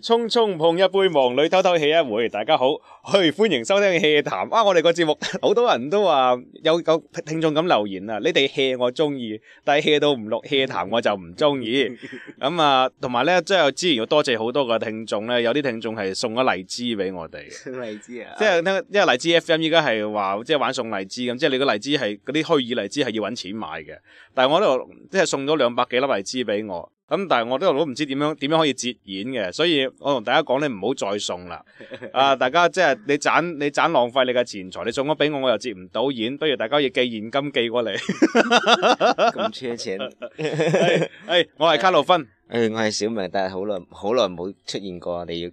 匆匆碰一杯，忙裏偷偷喜一回。大家好，歡迎收聽《hea 談》。哇、啊，我哋個節目好多人都話有有聽眾咁留言啊！你哋 hea 我中意，但係 hea 到唔落 hea 談我就唔中意。咁啊、 嗯，同埋咧，即係之前要多謝好多嘅聽眾咧，有啲聽眾係送咗荔枝俾我哋。送荔枝啊！即係因為荔枝 FM 依家係話即係玩送荔枝咁，即係你個荔枝係嗰啲虛擬荔枝係要揾錢買嘅，但係我呢度即係送咗兩百幾粒荔枝俾我。咁但係我都都唔知點樣點樣可以接現嘅，所以我同大家講你唔好再送啦。啊，大家即係你盞你盞浪費你嘅錢財，你送咗俾我我又接唔到現。不如大家要寄現金寄過嚟。咁奢侈。誒、 哎哎，我係卡路芬。誒、哎哎，我係、哎、小明，但係好耐好耐冇出現過，我哋要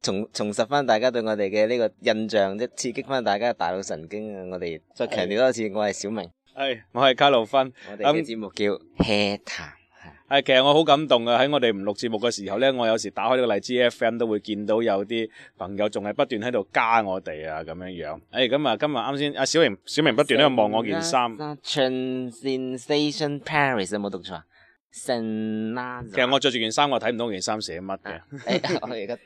重重拾翻大家對我哋嘅呢個印象，即刺激翻大家嘅大腦神經啊！我哋再強調多次，哎、我係小明。係、哎，我係卡路芬。我哋嘅節目、嗯嗯、叫《heat talk 係，其實我好感動噶，喺我哋唔錄節目嘅時候咧，我有時打開呢個荔枝 FM 都會見到有啲朋友仲係不斷喺度加我哋、哎、啊，咁樣樣。誒，咁啊，今日啱先阿小明，小明不斷喺度望我件衫。Sensation Paris 有冇讀錯？成。其實我着住件衫，我睇唔到件衫寫乜嘅。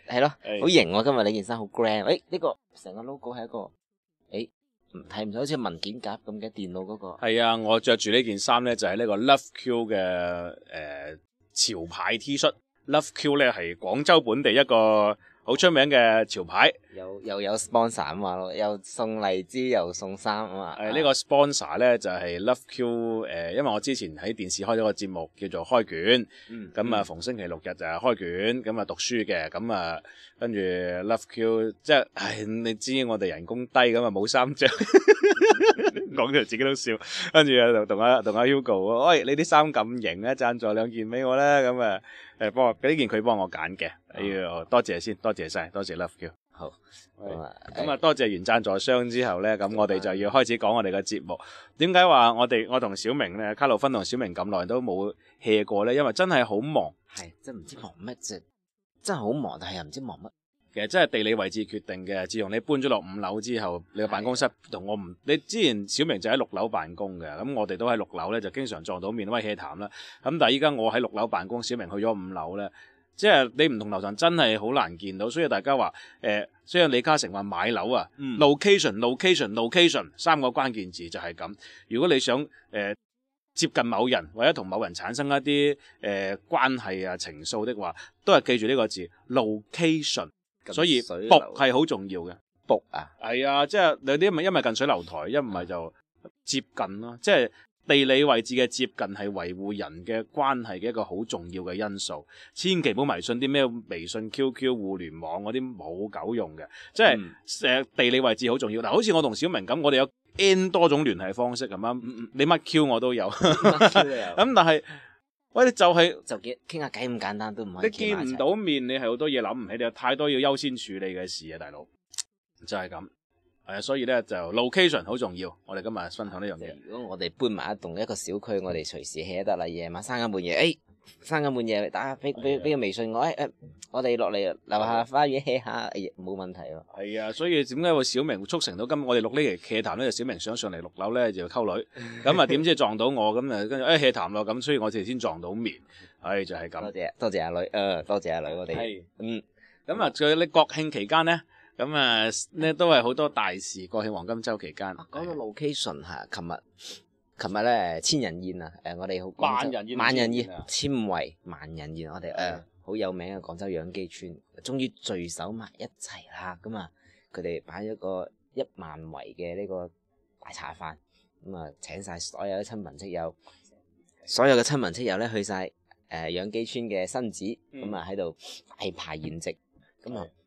係咯、 啊，好型喎！今日你件衫好 grand。誒、這個，呢個成個 logo 係一個。睇唔到好似文件夾咁嘅電腦嗰個？係啊，我着住呢件衫咧就係呢個 Love Q 嘅誒、呃、潮牌 T 恤，Love Q 咧係廣州本地一個。好出名嘅潮牌，又有又有 sponsor 啊嘛，又送荔枝又送衫啊嘛。誒、啊這個、呢個 sponsor 咧就係、是、Love Q 誒、呃，因為我之前喺電視開咗個節目叫做開卷，咁啊、嗯嗯、逢星期六日就係開卷，咁啊讀書嘅，咁啊跟住 Love Q，即係，唉、哎，你知我哋人工低咁啊冇衫著。 講到 自己都笑，跟住同阿同阿 Hugo，喂，hey, 你啲衫咁型咧，贊助兩件俾我啦，咁啊，誒，幫呢件佢幫我揀嘅，哎呀、哦，多謝先，多謝晒，多謝 Love you。好，咁啊、哎，嗯、多謝完贊助商之後咧，咁我哋就要開始講我哋嘅節目。點解話我哋我同小明咧，卡路芬同小明咁耐都冇 hea 過咧？因為真係好忙，係真唔知忙乜啫。真係好忙，忙，但係又唔知忙乜。其實真係地理位置決定嘅。自從你搬咗落五樓之後，你個辦公室同我唔你之前小明就喺六樓辦公嘅咁、嗯，我哋都喺六樓咧就經常撞到面威氣談啦。咁、嗯、但係依家我喺六樓辦公，小明去咗五樓咧，即係你唔同樓層真係好難見到。所以大家話誒、呃，所以李嘉誠話買樓啊、嗯、，location，location，location location, 三個關鍵字就係咁。如果你想誒、呃、接近某人或者同某人產生一啲誒、呃、關係啊情愫的話，都係記住呢個字 location。水所以，伏係好重要嘅。伏瀑啊，係啊，即係有啲一唔一因為近水樓台，一唔係就接近咯。即係地理位置嘅接近係維護人嘅關係嘅一個好重要嘅因素。千祈唔好迷信啲咩微信、QQ、互聯網嗰啲冇狗用嘅。即係誒地理位置好重要。嗱，好似我同小明咁，我哋有 N 多種聯繫方式咁啊，你乜 Q 我都有，咁 但係。喂，你就係、是、就傾傾下偈咁簡單都唔可以？你見唔到面，你係好多嘢諗唔起，你有太多要優先處理嘅事啊，大佬。就係咁，係啊，所以咧就 location 好重要。我哋今日分享呢樣嘢。如果我哋搬埋一棟一個小區，我哋隨時起得啦。夜晚三更半夜，哎、欸。三更半夜打俾俾俾個微信我，誒、欸、誒，我哋落嚟樓下花園 hea 下，冇、欸、問題喎。係啊，所以點解會小明促成到今日我哋錄呢期嘅談咧？就小明想上嚟六樓咧就溝女，咁啊點知撞到我咁啊，跟住一 hea 談咯，咁、欸、所以我哋先撞到面。哎，就係、是、咁。多謝多謝阿女，誒、呃，多謝阿、啊、女我哋。係的，嗯，咁啊，再呢國慶期間咧，咁啊呢都係好多大事。國慶黃金周期間，講到 location 係、啊，琴日。琴日咧千人宴啊！誒、呃，我哋好廣萬人宴，萬人宴千五圍，萬人宴，我哋誒好有名嘅廣州楊箕村，終於聚首埋一齊啦，咁、嗯、啊，佢哋擺一個一萬圍嘅呢個大茶飯，咁、嗯、啊請晒所有親朋戚友，所有嘅親朋戚友咧去晒誒楊箕村嘅新址，咁啊喺度大排筵席，咁啊的～、嗯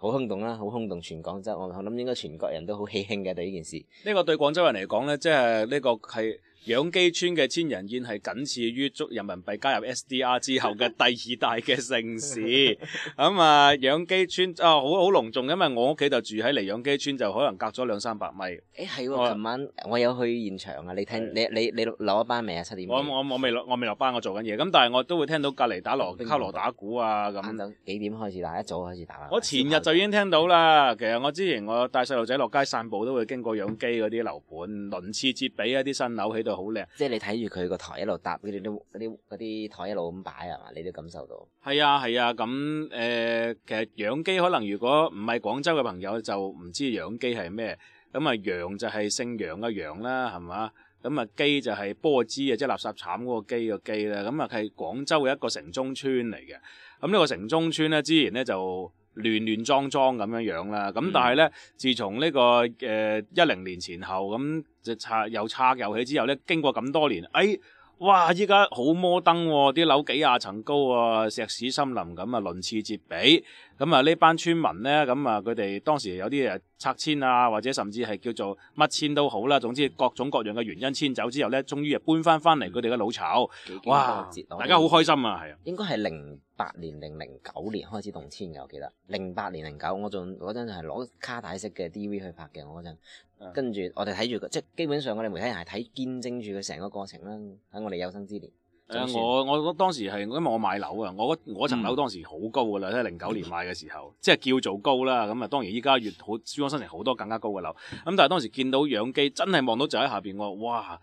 好轟動啦！好轟動全廣州，我諗應該全國人都好喜慶嘅對呢件事。呢個對廣州人嚟講咧，即係呢個係。楊箕村嘅千人宴係僅次於足人民幣加入 SDR 之後嘅第二大嘅盛事。咁啊、 嗯，楊箕村啊，好、哦、好隆重，因為我屋企就住喺離楊箕村就可能隔咗兩三百米。誒、欸，係，琴我晚我有去現場啊！你聽的，你你你落落班未啊？七點？我我我未落，我未落班，我，班我做緊嘢。咁但係我都會聽到隔籬打鑼敲冰鑼打鼓啊！咁幾點開始打？一早開始打啦。我前日就已經聽到啦。燒泡 其實我之前我帶細路仔落街散步都會經過楊箕嗰啲樓盤，鱗 次櫛比一啲新樓起。啊就好靚，即係你睇住佢個台一路搭，嗰啲啲啲台一路咁擺係嘛，你都感受到。係啊係啊，咁誒、啊呃，其實楊箕可能如果唔係廣州嘅朋友就唔知楊箕係咩，咁啊羊就係姓楊嘅楊啦，係嘛，咁啊箕就係簸箕啊，即、就、係、是、垃圾廠嗰個箕個箕啦，咁啊係廣州嘅一個城中村嚟嘅，咁呢個城中村咧之前咧就。亂亂撞撞咁樣樣啦，咁但係咧，自從呢、這個誒一零年前後咁拆又拆又起之後咧，經過咁多年，哎，哇！依家好摩登喎、哦，啲樓幾廿層高啊、哦，石屎森林咁啊，鱗次櫛比。咁啊，呢、嗯、班村民咧，咁、嗯、啊，佢哋當時有啲誒拆遷啊，或者甚至係叫做乜遷都好啦，總之各種各樣嘅原因遷走之後咧，終於又搬翻翻嚟佢哋嘅老巢。哇！大家好開心啊，係哇。應該係零八年、零零九年開始動遷嘅，我記得。零八年、零九，我仲嗰陣係攞卡帶式嘅 DV 去拍嘅，我嗰陣。跟住我哋睇住佢，即係基本上我哋媒體人係睇見證住佢成個過程啦，喺我哋有生之年。誒、呃、我我當時係因為我買樓啊，我我層樓當時好高噶啦，即係零九年買嘅時候，即係叫做高啦。咁啊，當然依家越好珠江新城好多更加高嘅樓。咁但係當時見到楊箕，真係望到就喺下邊，我話哇，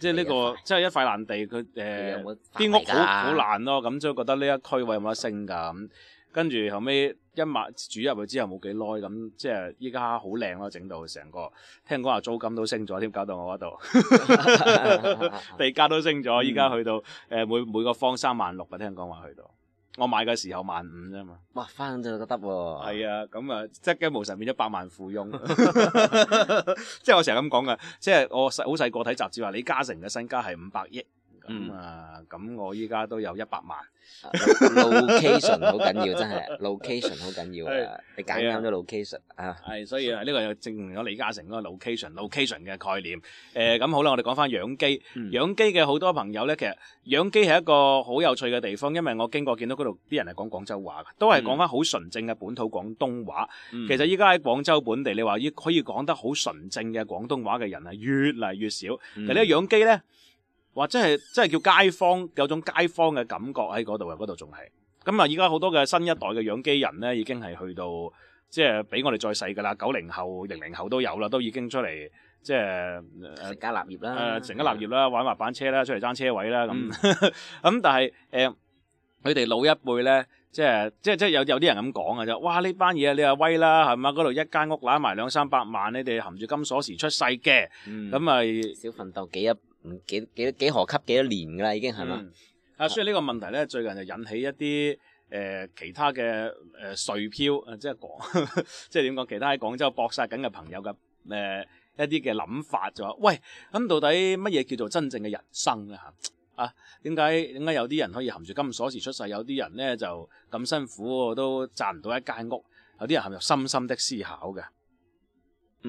即係呢、這個即係一塊爛地，佢誒啲屋好好爛咯。咁所以覺得呢一區位有冇得升㗎？咁跟住後尾。一買住入去之後，冇幾耐咁，即係依家好靚咯，整到成個。聽講話租金都升咗，添搞到我嗰度 地價都升咗，依家去到誒每每個方三萬六啊！聽講話去到我買嘅時候萬五啫嘛。哇！翻咗就得喎。係啊，咁啊，即係無神變咗百萬富翁。即係我成日咁講噶，即係我細好細個睇雜誌話李嘉誠嘅身家係五百億。嗯啊，咁我依家都有一百萬。 location 好緊要，真係 location 好緊要是啊！你揀啱咗 location 嚇，係所以係呢個又證明咗李嘉誠嗰個 loc location，location 嘅概念。誒、呃、咁好啦，我哋講翻楊箕。嗯、楊箕嘅好多朋友咧，其實楊箕係一個好有趣嘅地方，因為我經過見到嗰度啲人係講廣州話嘅，都係講翻好純正嘅本土廣東話。嗯、其實依家喺廣州本地，你話要可以講得好純正嘅廣東話嘅人啊，越嚟越少。其呢個楊箕咧。或者係即係叫街坊有種街坊嘅感覺喺嗰度啊！嗰度仲係咁啊！而家好多嘅新一代嘅養機人咧，已經係去到即係比我哋再細㗎啦。九零後、零零後都有啦，都已經出嚟即係成家立業啦，成家立業啦，玩滑板車啦，出嚟爭車位啦咁。咁但係誒，佢哋老一輩咧，即係即係即係有有啲人咁講啊，就哇呢班嘢你啊威啦係嘛？嗰度一間屋揦埋兩三百萬，你哋含住金鎖匙出世嘅咁咪少奮鬥幾日。幾幾幾何級幾多年噶啦，已經係嘛？啊，所以呢個問題咧，最近就引起一啲誒其他嘅誒票，漂，即係講，即係點講？其他喺廣州搏殺緊嘅朋友嘅誒、呃、一啲嘅諗法，就話喂，咁到底乜嘢叫做真正嘅人生咧？吓啊？點解點解有啲人可以含住金鎖匙出世，有啲人咧就咁辛苦都賺唔到一間屋？有啲人係咪有深深的思考嘅？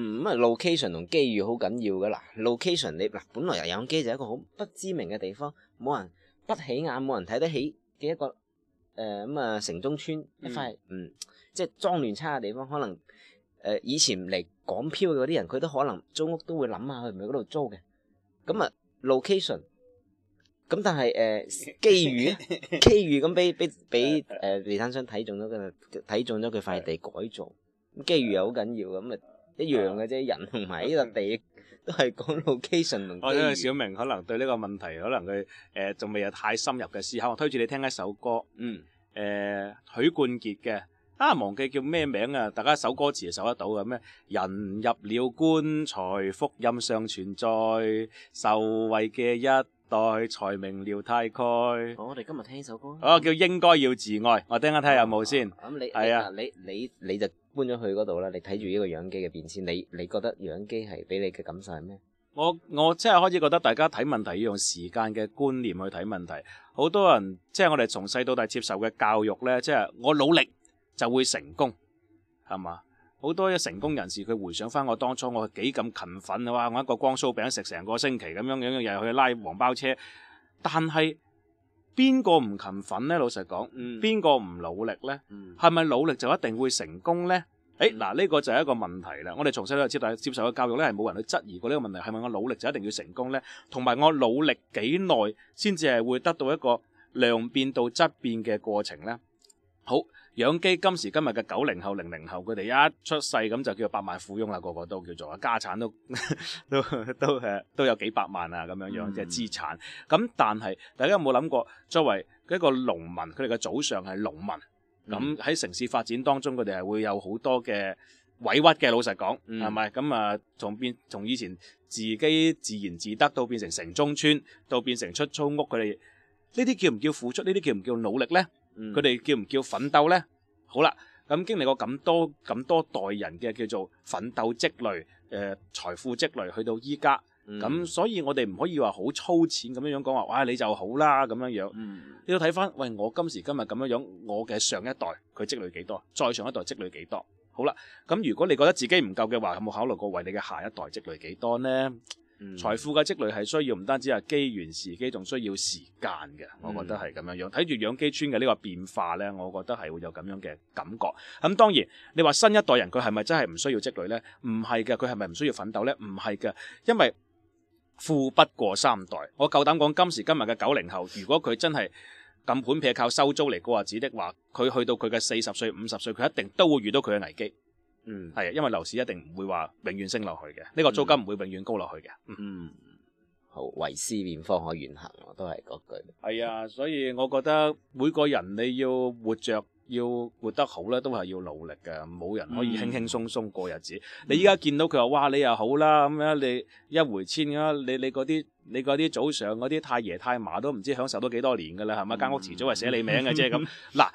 嗯咁啊，location 同機遇好緊要噶啦。location 你嗱，本來楊箕就係一個好不知名嘅地方，冇人不起眼，冇人睇得起嘅一個誒咁啊城中村一塊嗯，嗯，即係髒亂差嘅地方。可能誒、呃、以前嚟港漂嗰啲人，佢都可能租屋都會諗下，去唔去嗰度租嘅，咁啊 location 咁，但係誒機遇機 遇咁俾俾俾誒地產商睇中咗佢，睇中咗佢塊地改造，機遇又好緊要咁啊。嗯一樣嘅啫，人同埋呢個地都係講 location 同。我覺得小明可能對呢個問題，可能佢誒仲未有太深入嘅思考。我推薦你聽一首歌，嗯，誒、呃、許冠傑嘅，啊忘記叫咩名啊，大家首歌詞就搜得到嘅，咩人入了棺材，福音尚存在，受惠嘅一代才明了太概。我哋今日聽呢首歌。哦，我叫應該要自愛，我啱啱睇下有冇先。咁你係啊？你啊對你你，你，你，你，你，你，你就。你就搬咗去嗰度啦，你睇住呢個楊箕嘅變遷，你你覺得楊箕係俾你嘅感受係咩？我我即係開始覺得大家睇問題要用時間嘅觀念去睇問題，好多人即係我哋從細到大接受嘅教育呢，即係我努力就會成功係嘛？好多嘅成功人士佢回想翻，我當初我幾咁勤奮啊！哇，我一個光酥餅食成個星期咁樣樣，又去拉黃包車，但係。邊個唔勤奮呢？老實講，邊個唔努力呢？係咪努力就一定會成功呢？誒，嗱，呢個就係一個問題啦。我哋從細到大接受嘅教育呢，係冇人去質疑過呢個問題，係咪我努力就一定要成功呢？同埋我努力幾耐先至係會得到一個量變到質變嘅過程呢？好。楊箕今時今日嘅九零後、零零後，佢哋一出世咁就叫做百萬富翁啦，個個都叫做啊，家產都都都係都有幾百萬啊，咁樣樣即係資產。咁但係大家有冇諗過，作為一個農民，佢哋嘅祖上係農民，咁喺、嗯、城市發展當中，佢哋係會有好多嘅委屈嘅。老實講，係咪咁啊？從變從以前自己自言自得到變成城中村，到變成出租屋，佢哋呢啲叫唔叫付出？呢啲叫唔叫努力咧？佢哋叫唔叫奮鬥呢？好啦，咁經歷過咁多咁多代人嘅叫做奮鬥積累，誒、呃、財富積累去到依家咁，嗯、所以我哋唔可以話好粗淺咁樣樣講話，哇，你就好啦咁樣樣。嗯、你要睇翻，喂，我今時今日咁樣樣，我嘅上一代佢積累幾多？再上一代積累幾多？好啦，咁如果你覺得自己唔夠嘅話，有冇考慮過為你嘅下一代積累幾多呢？嗯、財富嘅積累係需要唔單止係機緣時機，仲需要時間嘅。我覺得係咁樣樣。睇住楊箕村嘅呢個變化呢，我覺得係會有咁樣嘅感覺。咁當然，你話新一代人佢係咪真係唔需要積累呢？唔係嘅，佢係咪唔需要奮鬥呢？唔係嘅，因為富不過三代。我夠膽講，今時今日嘅九零後，如果佢真係咁本撇靠收租嚟過日子的話，佢去到佢嘅四十歲、五十歲，佢一定都會遇到佢嘅危機。嗯，係啊，因為樓市一定唔會話永遠升落去嘅，呢、嗯、個租金唔會永遠高落去嘅。嗯嗯，嗯好，為思變方可遠行，我都係嗰句。係啊，所以我覺得每個人你要活着，要活得好咧，都係要努力嘅，冇人可以輕輕鬆鬆過日子。嗯、你依家見到佢話哇，你又好啦、啊，咁樣你一回千遷咁、啊、你你嗰啲你啲早上嗰啲太爺太嫲都唔知享受咗幾多年噶啦，係咪間屋遲早係寫你名嘅啫咁嗱。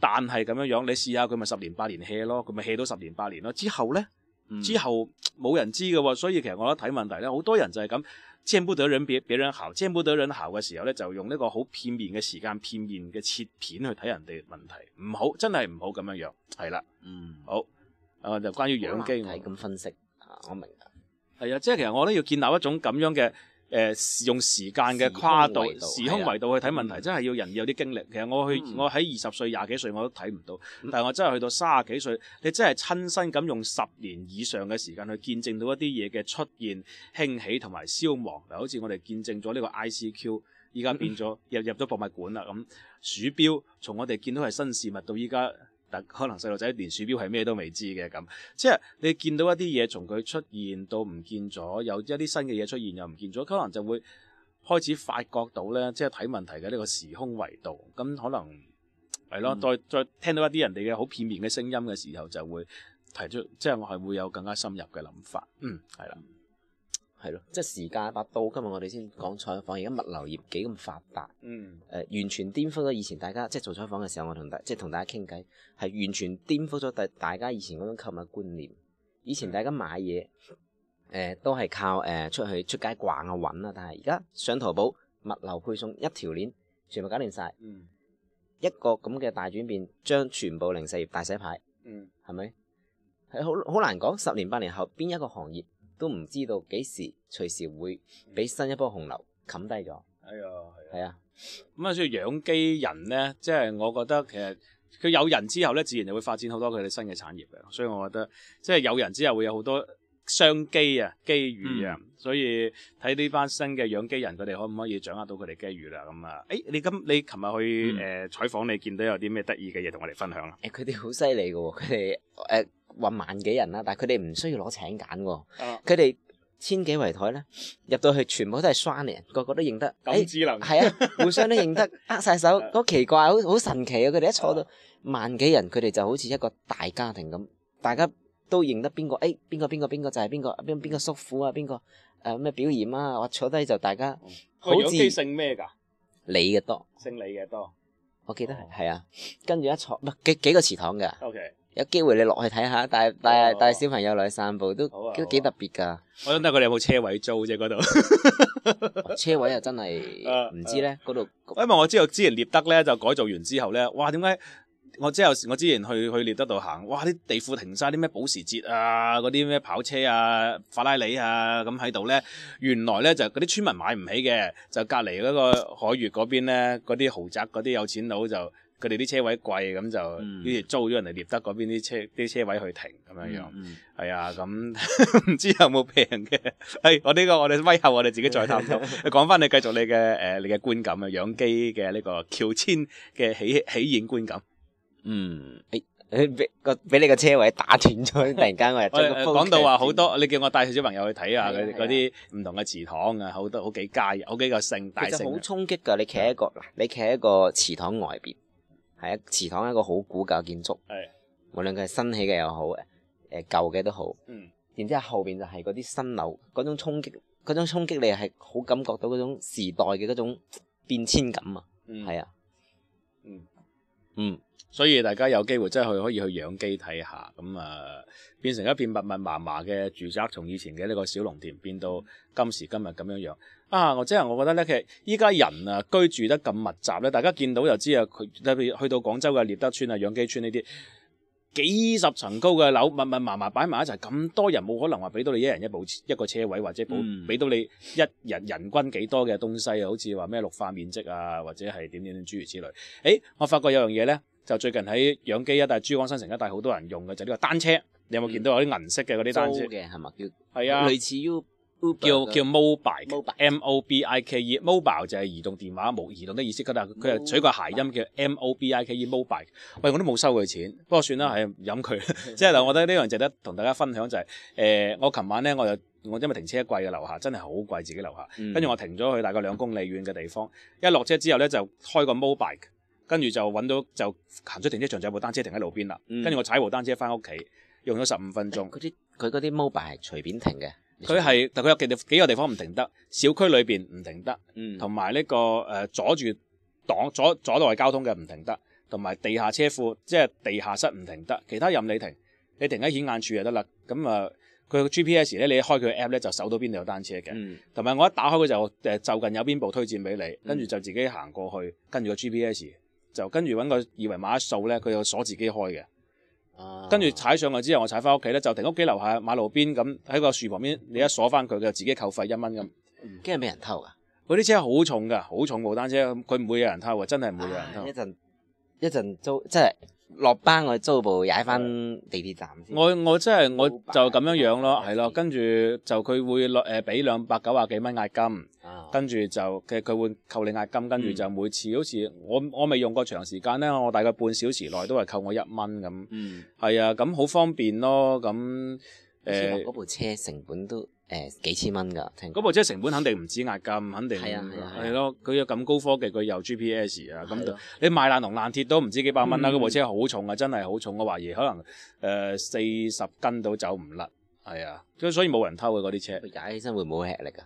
但係咁樣樣，你試下佢咪十年八年 hea 咯，佢咪 hea 到十年八年咯。之後咧，嗯、之後冇人知嘅喎，所以其實我覺得睇問題咧，好多人就係咁見不得人別別人即見不得人好嘅時候咧，就用呢個好片面嘅時間、片面嘅切片去睇人哋問題，唔好真係唔好咁樣樣，係啦，嗯，好啊、嗯，就關於楊箕我係咁分析啊，我明白，白，係啊，即係其實我都要建立一種咁樣嘅。誒，呃、用時間嘅跨度、時空維度去睇問題，嗯、真係要人要有啲經歷。其實我去，嗯、我喺二十歲、廿幾歲我都睇唔到，嗯、但係我真係去到三十幾歲，你真係親身咁用十年以上嘅時間去見證到一啲嘢嘅出現、興起同埋消亡。嗱，好似我哋見證咗呢個 ICQ，依家變咗入入咗博物館啦。咁鼠標從我哋見到係新事物，到依家。可能細路仔連鼠標係咩都未知嘅咁，即係你見到一啲嘢從佢出現到唔見咗，有一啲新嘅嘢出現又唔見咗，可能就會開始發覺到呢，即係睇問題嘅呢個時空維度。咁可能係咯，嗯、再再聽到一啲人哋嘅好片面嘅聲音嘅時候，就會提出，即係我係會有更加深入嘅諗法。嗯，係啦的。嗯。係咯，即係時間一把到今日我哋先講採訪。而家物流業幾咁發達，誒、嗯呃、完全顛覆咗以前大家即係做採訪嘅時候，我同大即係同大家傾偈，係完全顛覆咗大大家以前嗰種購物觀念。以前大家買嘢誒、呃、都係靠誒、呃、出去出街逛去揾啦，但係而家上淘寶，物流配送一條鏈，全部搞掂曬，嗯、一個咁嘅大轉變，將全部零售業大洗牌，係咪，嗯？係好好難講，十年八年後邊一個行業？都唔知道幾時隨時會俾新一波洪流冚低咗、哎。哎呀，係啊。咁啊、嗯，所以養機人楊箕人咧，即、就、係、是、我覺得其實佢有人之後咧，自然就會發展好多佢哋新嘅產業嘅。所以我覺得即係、就是、有人之後會有好多。商機啊，機遇啊，嗯、所以睇呢班新嘅楊箕人佢哋可唔可以掌握到佢哋機遇啦？咁啊，誒、哎、你咁你琴日去誒、嗯呃、採訪，你見到有啲咩得意嘅嘢同我哋分享啊？誒佢哋好犀利嘅喎，佢哋誒話萬幾人啦，但係佢哋唔需要攞請柬喎、啊，佢哋、啊、千幾圍台咧入到去全部都係刷面，個個都認得，咁智能係、哎、 啊，互相都認得，握晒手，好、那個、奇怪，好好神奇嘅佢哋一坐到萬幾人，佢哋就好似一個大家庭咁，大家。大家都認得邊個？哎，邊個邊個邊個就係邊個？邊邊個叔父啊？邊個誒咩表演啊？我坐低就大家好知姓咩㗎？你嘅多，姓李嘅多。我記得係係啊。跟住一坐唔係幾幾個祠堂㗎？OK。有機會你落去睇下，帶帶帶小朋友落去散步都都幾特別㗎。我諗都係佢哋有冇車位租啫？嗰度車位又真係唔知咧。嗰度因為我知道之前獵德咧就改造完之後咧，哇點解？我之後，我之前去去獵德度行，哇！啲地庫停晒啲咩保時捷啊，嗰啲咩跑車啊、法拉利啊咁喺度咧。原來咧就嗰啲村民買唔起嘅，就隔離嗰個海悅嗰邊咧嗰啲豪宅，嗰啲有錢佬就佢哋啲車位貴，咁就於住租咗人哋獵德嗰邊啲車啲車位去停咁樣樣。係、嗯嗯嗯、啊，咁唔 知有冇平嘅？係我呢個我哋威後，我哋、這個、自己再探討。 講翻你繼續你嘅誒、呃、你嘅觀感啊，楊箕嘅呢個喬遷嘅起起宴觀感。嗯，誒，俾個俾你個車位打斷咗，突然間我又追講 到話好多，真你叫我帶小朋友去睇下嗰啲唔同嘅祠堂啊，好多好幾街，好幾個姓，大姓。其實好衝擊噶，你企喺一個，嗱，一你企喺一個祠堂外邊，係啊，祠堂係一個好古舊嘅建築，係、啊，無論佢係新起嘅又好，誒舊嘅都好，嗯，然之後後邊就係嗰啲新樓，嗰種衝擊，嗰種衝擊你係好感覺到嗰種時代嘅嗰種變遷感啊，係啊，嗯，嗯。所以大家有機會真係去可以去楊箕睇下，咁啊變成一片密密麻麻嘅住宅，從以前嘅呢個小農田變到今時今日咁樣樣啊！我真係我覺得呢，其實依家人啊居住得咁密集咧，大家見到就知啊。佢特別去到廣州嘅獵德村啊、楊箕村呢啲幾十層高嘅樓，密密麻麻擺埋一齊，咁多人冇可能話俾到你一人一部一個車位，或者俾到你一人人均幾多嘅東西啊？嗯、好似話咩綠化面積啊，或者係點點點諸如此類。誒、欸，我發覺有樣嘢呢。就最近喺楊箕一帶、珠江新城一帶好多人用嘅就呢個單車，你有冇見到有啲銀色嘅嗰啲單車？嘅係咪？係啊，類似於叫叫 mobike, m o b i k e m o b i k e m o b i k e 就係移動電話冇移動的意思，佢哋佢係取個諧音叫 m o b i k e m o b i k e 喂，我都冇收佢錢，不過算啦，係飲佢。即係我覺得呢樣值得同大家分享就係、是，誒、呃，我琴晚咧我就我因為停車貴嘅樓下真係好貴，自己樓下。跟住我停咗去大概兩公里遠嘅地方，一落車之後咧就開個 m o b i k e 跟住就揾到就行出停車場就有部單車停喺路邊啦。跟住我踩部單車返屋企用咗十五分鐘。啲佢嗰啲 mobile 係隨便停嘅，佢係但佢有幾個地方唔停得，小區裏邊唔停得，同埋呢個誒阻住擋阻阻到係交通嘅唔停得，同埋地下車庫即係地下室唔停得，其他任你停。你停喺顯眼處就得啦。咁啊，佢、呃、嘅 GPS 咧，你一開佢嘅 app 咧就搜到邊度有單車嘅，同埋、嗯、我一打開佢就誒就近有邊部推薦俾你，跟住就自己行過去，跟住個 GPS。就跟住揾個二維碼一掃咧，佢就鎖自己開嘅。啊、跟住踩上去之後，我踩翻屋企咧，就停屋企樓下馬路邊咁喺個樹旁邊。你一鎖翻佢，佢就自己扣費一蚊咁。驚唔驚俾人偷噶？嗰啲車好重噶，好重無單車，佢唔會有人偷啊！真係唔會有人偷。一陣租即係落班、嗯，我租部踩翻地鐵站先。我我即係我就咁樣樣咯，係咯、嗯，跟住就佢會落誒俾兩百九啊幾蚊押金，跟住就其實佢會扣你押金，跟住就每次好似我我未用過長時間咧，我大概半小時內都係扣我一蚊咁。嗯，係啊，咁好方便咯，咁誒。嗰部車成本都。誒幾千蚊㗎？嗰部車成本肯定唔止押金，肯定係啊係、啊啊、咯！佢有咁高科技，佢有 GPS 啊咁，你賣爛銅爛鐵都唔知幾百蚊啦！嗰、嗯、部車好重啊，真係好重，我懷疑可能誒四十斤都走唔甩，係啊，所以冇人偷嘅嗰啲車。解起身會冇吃力㗎。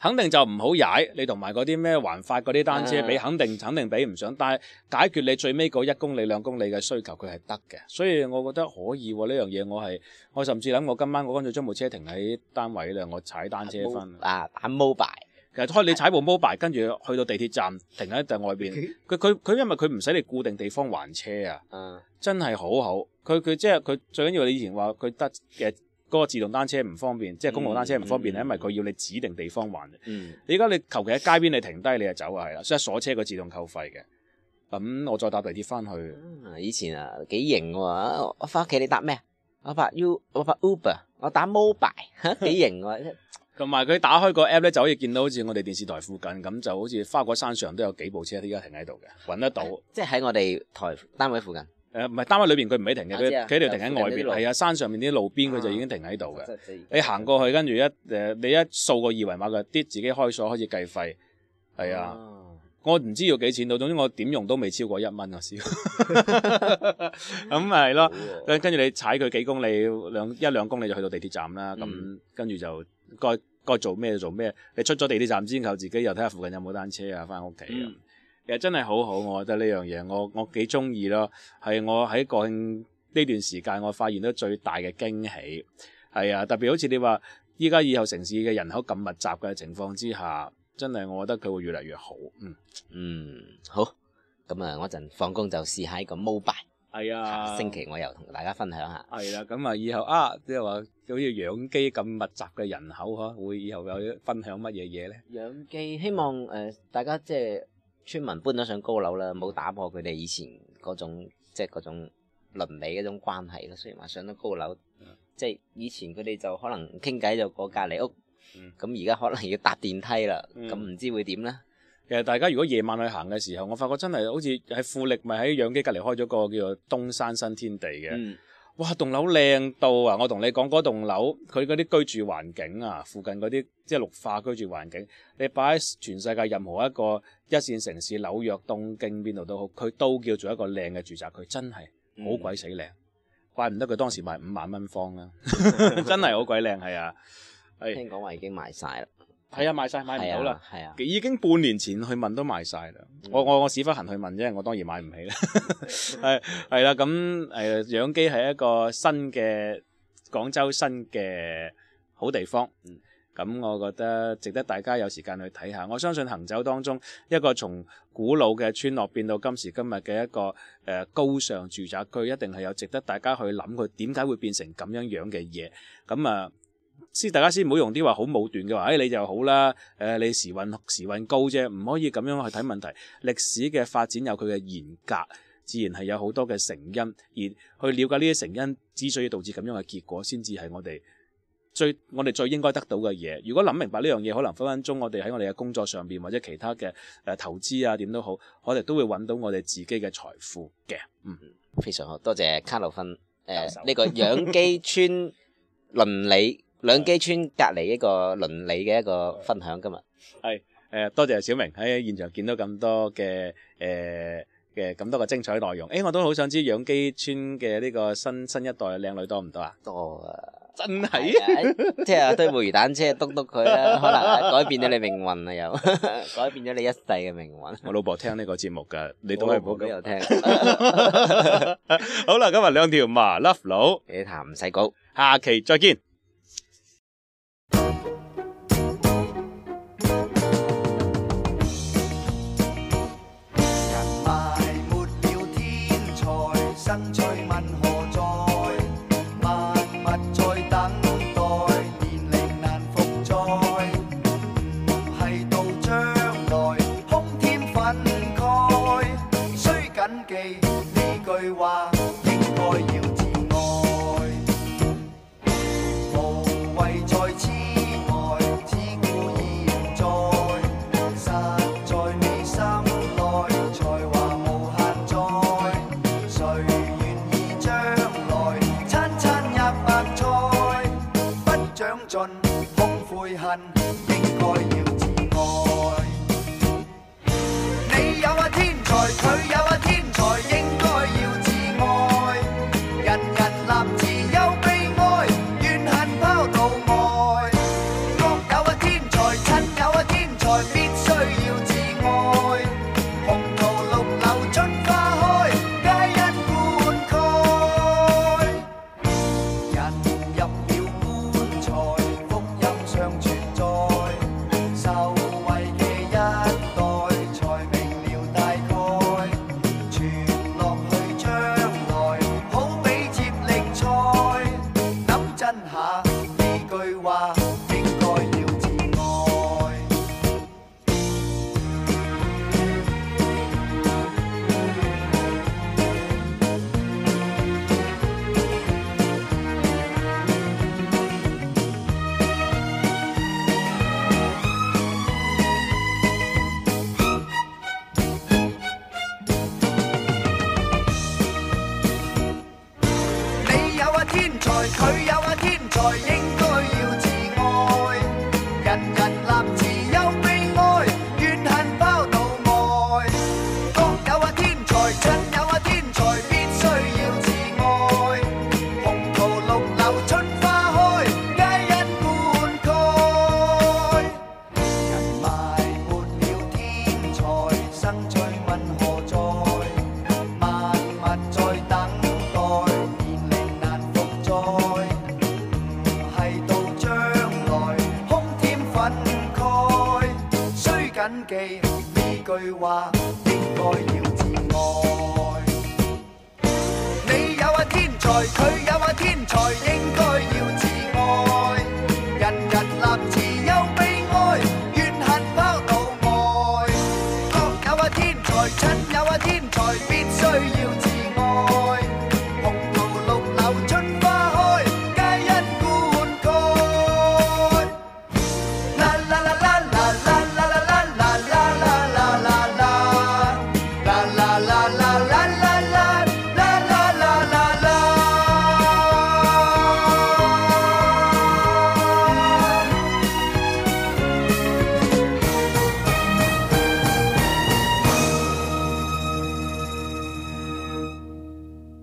肯定就唔好踩，你同埋嗰啲咩環法嗰啲單車比肯定，肯定比唔上。但係解決你最尾嗰一公里兩公里嘅需求，佢係得嘅。所以我覺得可以呢樣嘢，我係我甚至諗，我今晚我跟住將部車停喺單位咧，我踩單車返、啊。啊，打、啊、mobile、啊啊啊啊啊啊、其實開你踩部 mobile，跟住去到地鐵站停喺度外邊，佢佢佢因為佢唔使你固定地方還車啊，真係好好。佢佢即係佢最緊要，你以前話佢得嘅。個自動單車唔方便，即係公路單車唔方便咧，因為佢要你指定地方還。嗯、你而家你求其喺街邊你停低你就走啊，係啦，所以鎖車個自動扣費嘅。咁、嗯、我再搭地鐵翻去。以前啊幾型喎，我翻屋企你搭咩啊？我發我 U，我發 Uber，我打 mobile，嚇幾型喎。同埋佢打開個 app 咧就可以見到，好似我哋電視台附近咁，就好似花果山上都有幾部車，依家停喺度嘅，揾得到。即係喺我哋台單位附近。誒唔係單位裏邊佢唔俾停嘅，佢佢哋停喺外邊。係啊，山上面啲路邊佢就已經停喺度嘅。啊、你行過去跟住一誒，你一掃個二維碼嘅，啲自己開鎖開始計費。係啊，啊我唔知要幾錢到，總之我點用都未超過一蚊啊先。咁咪係咯，跟住你踩佢幾公里兩一兩公里就去到地鐵站啦。咁跟住就該該做咩就做咩。你出咗地鐵站之後，自己又睇下附近有冇單車啊，翻屋企咁。嗯。其實真係好好，我覺得呢樣嘢，我我幾中意咯。係我喺國慶呢段時間，我發現到最大嘅驚喜係啊。特別好似你話，依家以後城市嘅人口咁密集嘅情況之下，真係我覺得佢會越嚟越好。嗯嗯，好咁啊！我陣放工就試下呢個 mobile，係啊、哎呀。下星期我又同大家分享下係啦。咁啊，以後啊，即係話好似楊箕咁密集嘅人口，嗬，會以後有分享乜嘢嘢咧？楊箕希望誒、呃、大家即係。村民搬咗上高樓啦，冇打破佢哋以前嗰種即係嗰種鄰里嗰種關係，雖然話上咗高樓，嗯、即係以前佢哋就可能傾偈就過隔離屋，咁而家可能要搭電梯啦，咁唔、嗯、知會點咧？其實大家如果夜晚去行嘅時候，我發覺真係好似喺富力咪喺楊箕隔離開咗個叫做東山新天地嘅。嗯。哇！棟樓靚到啊！我同你講嗰棟樓，佢嗰啲居住環境啊，附近嗰啲即係綠化居住環境，你擺喺全世界任何一個一線城市，紐約、東京邊度都好，佢都叫做一個靚嘅住宅區，真係好鬼死靚，嗯、怪唔得佢當時賣五萬蚊方啊！ 真係好鬼靚，係啊，聽講話已經賣晒啦。係啊，賣晒，賣唔到啦。係啊，已經半年前去問都賣晒啦，嗯。我我我屎忽行去問啫，我當然買唔起啦。係係啦，咁誒，楊箕係一個新嘅廣州新嘅好地方。嗯，咁我覺得值得大家有時間去睇下。我相信行走當中，一個從古老嘅村落變到今時今日嘅一個誒高尚住宅區，一定係有值得大家去諗佢點解會變成咁樣樣嘅嘢。咁啊～先大家先唔好用啲話好武斷嘅話，哎你就好啦，誒、呃、你時運時運高啫，唔可以咁樣去睇問題。歷史嘅發展有佢嘅嚴格，自然係有好多嘅成因，而去了解呢啲成因之所以導致咁樣嘅結果，先至係我哋最我哋最應該得到嘅嘢。如果諗明白呢樣嘢，可能分分鐘我哋喺我哋嘅工作上邊或者其他嘅誒投資啊點都好，我哋都會揾到我哋自己嘅財富嘅。嗯，非常好多謝卡路芬誒呢個楊箕村倫理。兩箕村隔籬一個鄰里嘅一個分享，今日係誒，多謝小明，喺現場見到咁多嘅，誒嘅咁多嘅精彩內容。誒，我都好想知兩箕村嘅呢個新新一代嘅靚女多唔多啊？多啊，真係啊，即係推回單車篤篤佢啦，可能改變咗你命運啊，又改變咗你一世嘅命運。我老婆聽呢個節目噶，你都係唔好聽好啦。今日兩條麻甩佬嘢，談唔使講，下期再見。愛恨應該要自愛，你有啊天才，佢有啊天才，應該要自愛，人人立志有悲哀，怨恨拋到外。應該要自愛。你有啊天才，佢有啊天才，應該要自愛。